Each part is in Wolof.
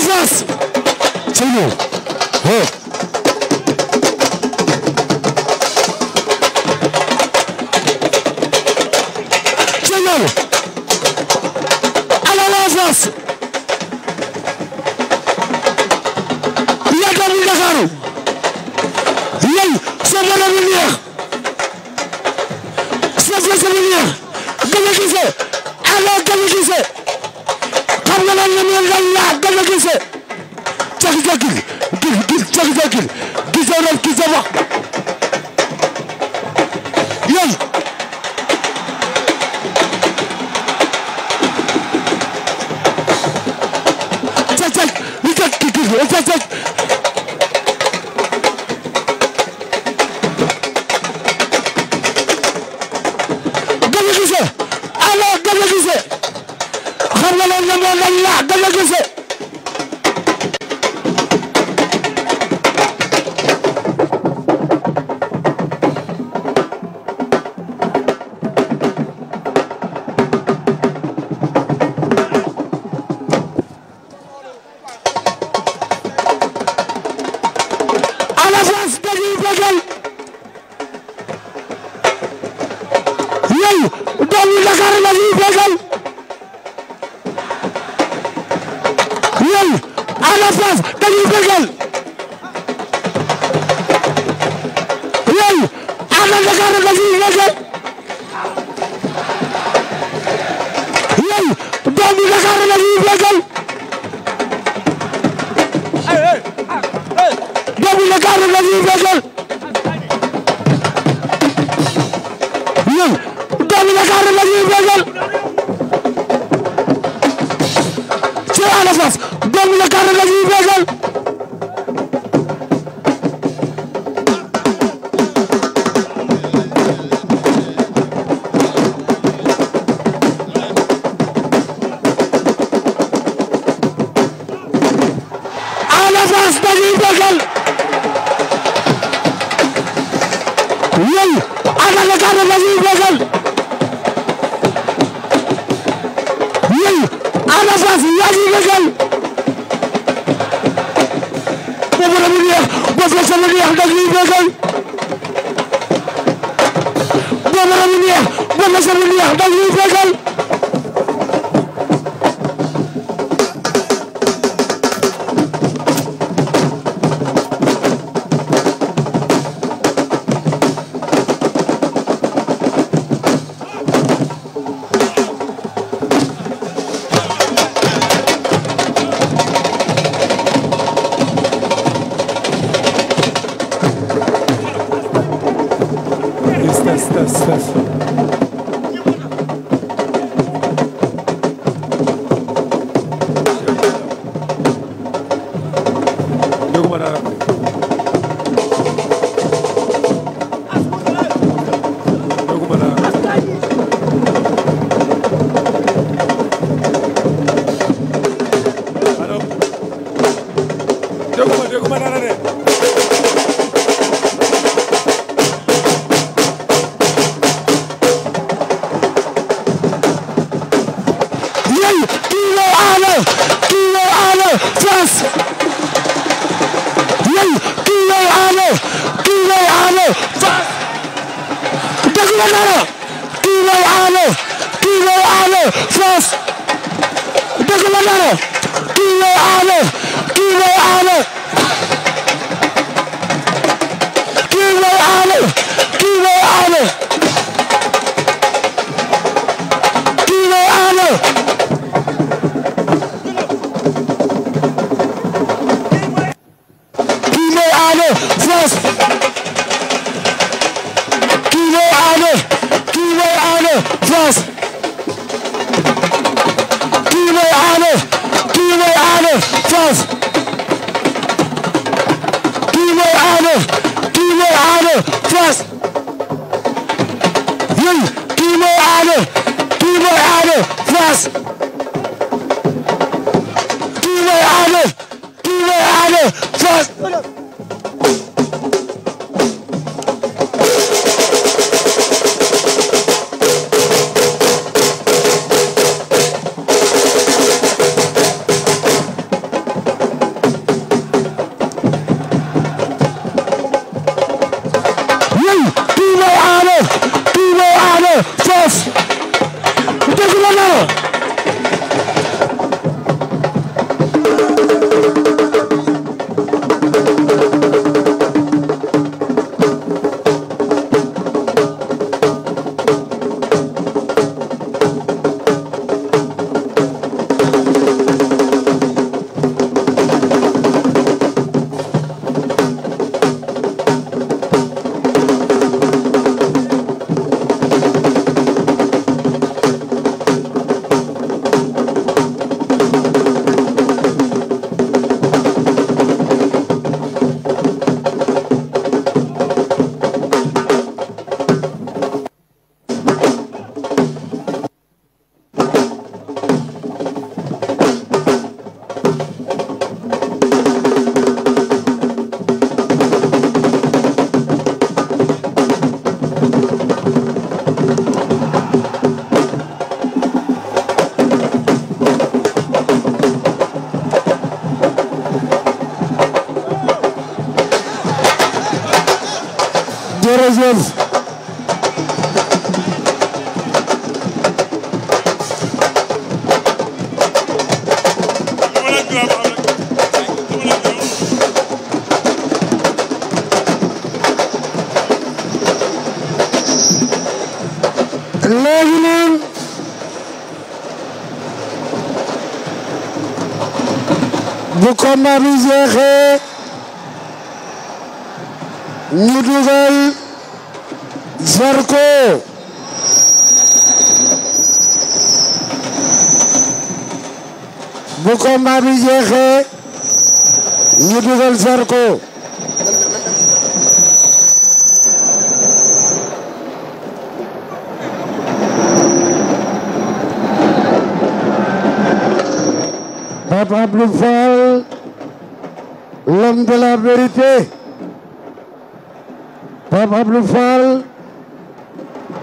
face Thiono hee Thiono ala la face yaakaar bu Ndakaaru yey sa bada bu neex sa sa sa bu neex Gana Guissé ala Gana Guissé Argalan ne yalla gën a gisee cëkk cëkk gi cëkk cëkk gi gisee rek gisee wax yow cëkk cëkk cëkk cëkk ñaari la ñuy bégal yéen à la place dañuy bégal yéen à la Dakar dañuy bégal yéen doomu Dakar dañuy bégal doomu Dakar dañuy bégal ñuy bégal ci Ada Fass doomu Dakar la ñuy bégal Ada Fass dañuy bégal yéen Ada Dakar la ñuy bégal Fass yaa ngi dëggal boobu la mu neex boobu la sama neex dag yi dëggal boobu la mu neex boobu la sama neex dag yi dëggal Kilo Allo! Kilo Allo! France kii mooy Ada kii mooy Ada France kii mooy Ada kii mooy Ada France kii mooy Ada kii mooy Ada France yéen kii mooy Ada kii mooy Ada France kii mooy Ada kii mooy Ada France bu combat bi jeexee ñu dugal Zarko bu combat bi jeexee ñu dugal Zarko Pape homme de la vérité Pape Abdou Fall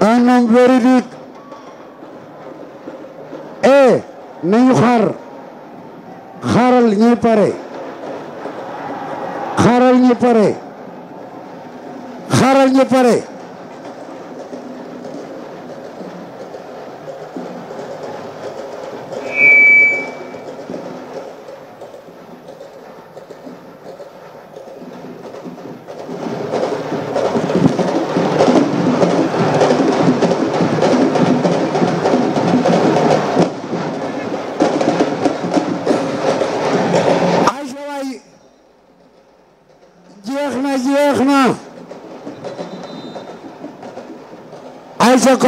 un homme véridique e nañu xaar xaaral pare xaaral ñi pare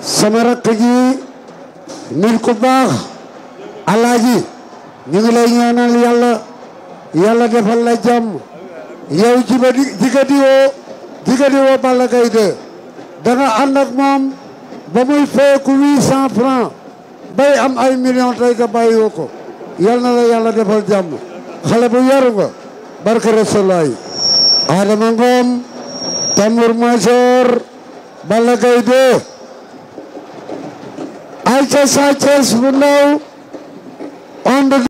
sama rakk ji nit ku baax alaaji ñu ngi lay ñaanal yàlla yàlla defal la jàmm yow jiba di jigadiwoo jigadiwoo Balla Gaye 2 da nga moom ba muy feeku huit francs bay am ay million tey nga bàyyiwoo ko yal na la yàlla defal jàmm xale bu yaru nga barke rasulaay Adama Ngom Tambour Major Balla Gaye 2 ca Sa Thiès bu ndaw on the